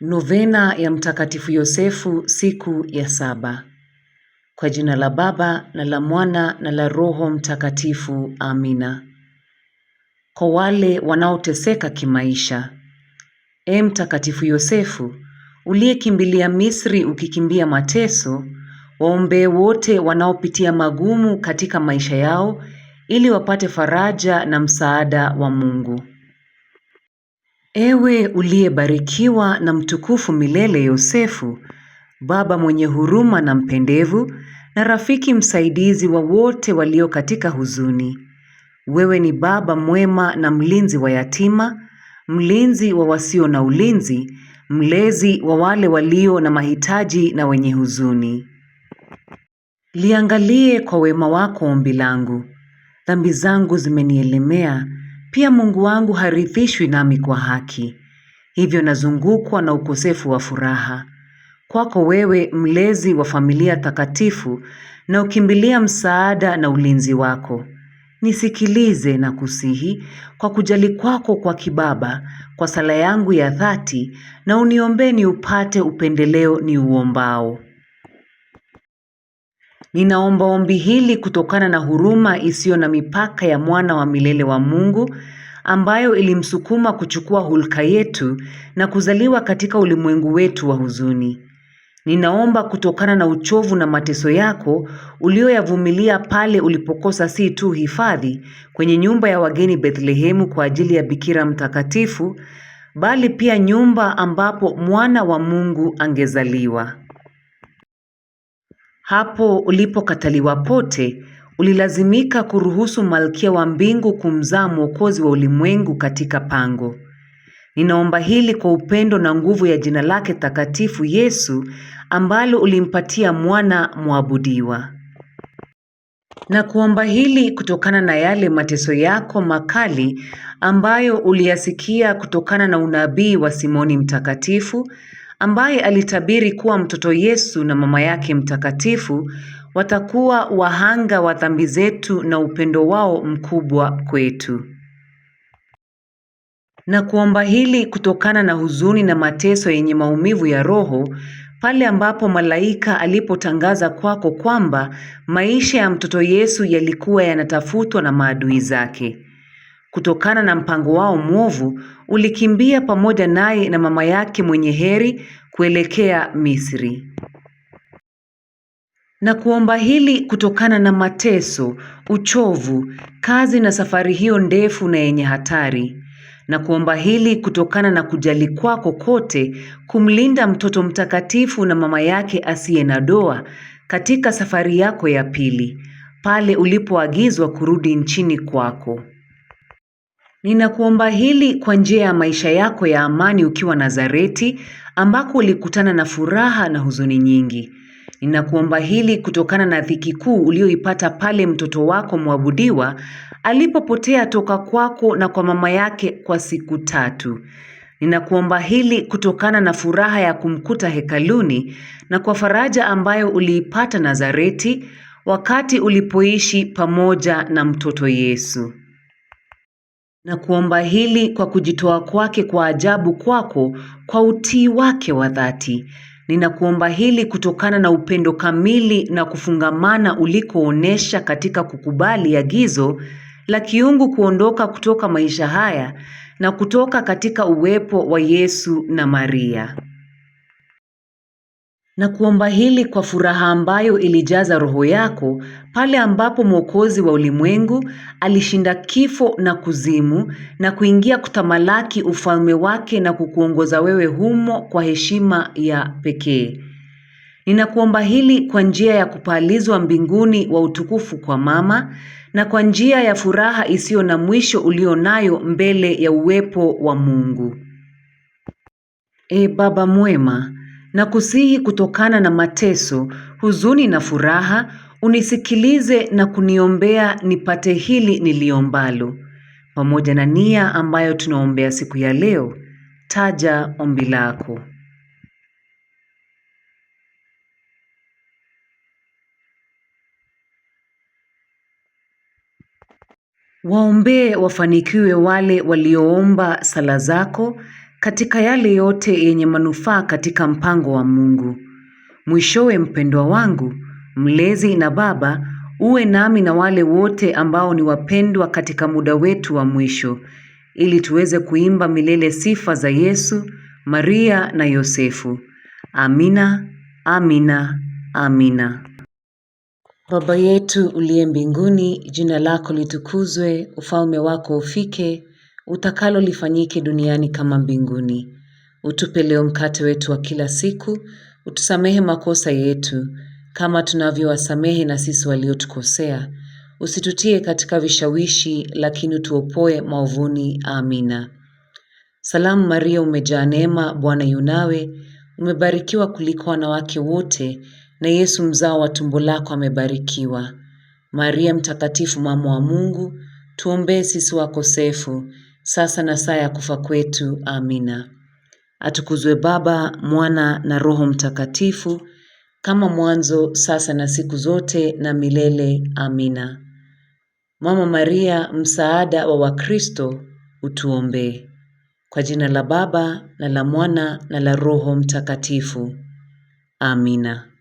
Novena ya Mtakatifu Yosefu, siku ya saba. Kwa jina la Baba na la Mwana na la Roho Mtakatifu, amina. Kwa wale wanaoteseka kimaisha. E Mtakatifu Yosefu uliyekimbilia Misri ukikimbia mateso, waombee wote wanaopitia magumu katika maisha yao ili wapate faraja na msaada wa Mungu. Ewe uliyebarikiwa na mtukufu milele Yosefu, baba mwenye huruma na mpendevu, na rafiki msaidizi wa wote walio katika huzuni. Wewe ni baba mwema na mlinzi wa yatima, mlinzi wa wasio na ulinzi, mlezi wa wale walio na mahitaji na wenye huzuni. Liangalie kwa wema wako ombi langu. Dhambi zangu zimenielemea, pia Mungu wangu harithishwi nami kwa haki, hivyo nazungukwa na ukosefu wa furaha. Kwako wewe mlezi wa familia takatifu, na ukimbilia msaada na ulinzi wako. Nisikilize na kusihi kwa kujali kwako kwa kibaba kwa sala yangu ya dhati na uniombee niupate upendeleo ni uombao Ninaomba ombi hili kutokana na huruma isiyo na mipaka ya Mwana wa milele wa Mungu ambayo ilimsukuma kuchukua hulka yetu na kuzaliwa katika ulimwengu wetu wa huzuni. Ninaomba kutokana na uchovu na mateso yako uliyoyavumilia pale ulipokosa si tu hifadhi kwenye nyumba ya wageni Bethlehemu kwa ajili ya Bikira mtakatifu, bali pia nyumba ambapo Mwana wa Mungu angezaliwa. Hapo ulipokataliwa pote, ulilazimika kuruhusu Malkia wa Mbingu kumzaa Mwokozi wa ulimwengu katika pango. Ninaomba hili kwa upendo na nguvu ya jina lake takatifu Yesu ambalo ulimpatia mwana mwabudiwa. Na kuomba hili kutokana na yale mateso yako makali ambayo uliyasikia kutokana na unabii wa Simoni Mtakatifu ambaye alitabiri kuwa mtoto Yesu na mama yake mtakatifu watakuwa wahanga wa dhambi zetu na upendo wao mkubwa kwetu. Na kuomba hili kutokana na huzuni na mateso yenye maumivu ya roho pale ambapo malaika alipotangaza kwako kwamba maisha ya mtoto Yesu yalikuwa yanatafutwa na maadui zake kutokana na mpango wao mwovu ulikimbia pamoja naye na mama yake mwenye heri kuelekea Misri na kuomba hili kutokana na mateso, uchovu, kazi na safari hiyo ndefu na yenye hatari, na kuomba hili kutokana na kujali kwako kote kumlinda mtoto mtakatifu na mama yake asiye na doa katika safari yako ya pili, pale ulipoagizwa kurudi nchini kwako. Ninakuomba hili kwa njia ya maisha yako ya amani ukiwa Nazareti ambako ulikutana na furaha na huzuni nyingi. Ninakuomba hili kutokana na dhiki kuu uliyoipata pale mtoto wako mwabudiwa alipopotea toka kwako na kwa mama yake kwa siku tatu. Ninakuomba hili kutokana na furaha ya kumkuta hekaluni na kwa faraja ambayo uliipata Nazareti wakati ulipoishi pamoja na mtoto Yesu na kuomba hili kwa kujitoa kwake kwa ajabu kwako kwa utii wake wa dhati. Ninakuomba hili kutokana na upendo kamili na kufungamana ulikoonesha katika kukubali agizo la kiungu kuondoka kutoka maisha haya na kutoka katika uwepo wa Yesu na Maria na kuomba hili kwa furaha ambayo ilijaza roho yako pale ambapo Mwokozi wa ulimwengu alishinda kifo na kuzimu na kuingia kutamalaki ufalme wake na kukuongoza wewe humo kwa heshima ya pekee. Ninakuomba hili kwa njia ya kupalizwa mbinguni wa utukufu kwa Mama na kwa njia ya furaha isiyo na mwisho ulio nayo mbele ya uwepo wa Mungu. E Baba mwema, na kusihi kutokana na mateso, huzuni na furaha, unisikilize na kuniombea nipate hili niliombalo. Pamoja na nia ambayo tunaombea siku ya leo, taja ombi lako. Waombee wafanikiwe wale walioomba sala zako katika yale yote yenye manufaa katika mpango wa Mungu. Mwishowe, mpendwa wangu, mlezi na baba, uwe nami na wale wote ambao ni wapendwa katika muda wetu wa mwisho, ili tuweze kuimba milele sifa za Yesu, Maria na Yosefu. Amina, amina, amina. Baba yetu uliye mbinguni, jina lako litukuzwe, ufalme wako ufike utakalo lifanyike duniani kama mbinguni. Utupe leo mkate wetu wa kila siku, utusamehe makosa yetu kama tunavyowasamehe na sisi waliotukosea, usitutie katika vishawishi, lakini utuopoe maovuni. Amina. Salamu Maria, umejaa neema, Bwana yunawe, umebarikiwa kuliko wanawake wote, na Yesu mzao wa tumbo lako amebarikiwa. Maria Mtakatifu, mama wa Mungu, tuombee sisi wakosefu sasa na saa ya kufa kwetu. Amina. Atukuzwe Baba, Mwana na Roho Mtakatifu, kama mwanzo, sasa na siku zote na milele. Amina. Mama Maria, msaada wa Wakristo, utuombee. Kwa jina la Baba na la Mwana na la Roho Mtakatifu. Amina.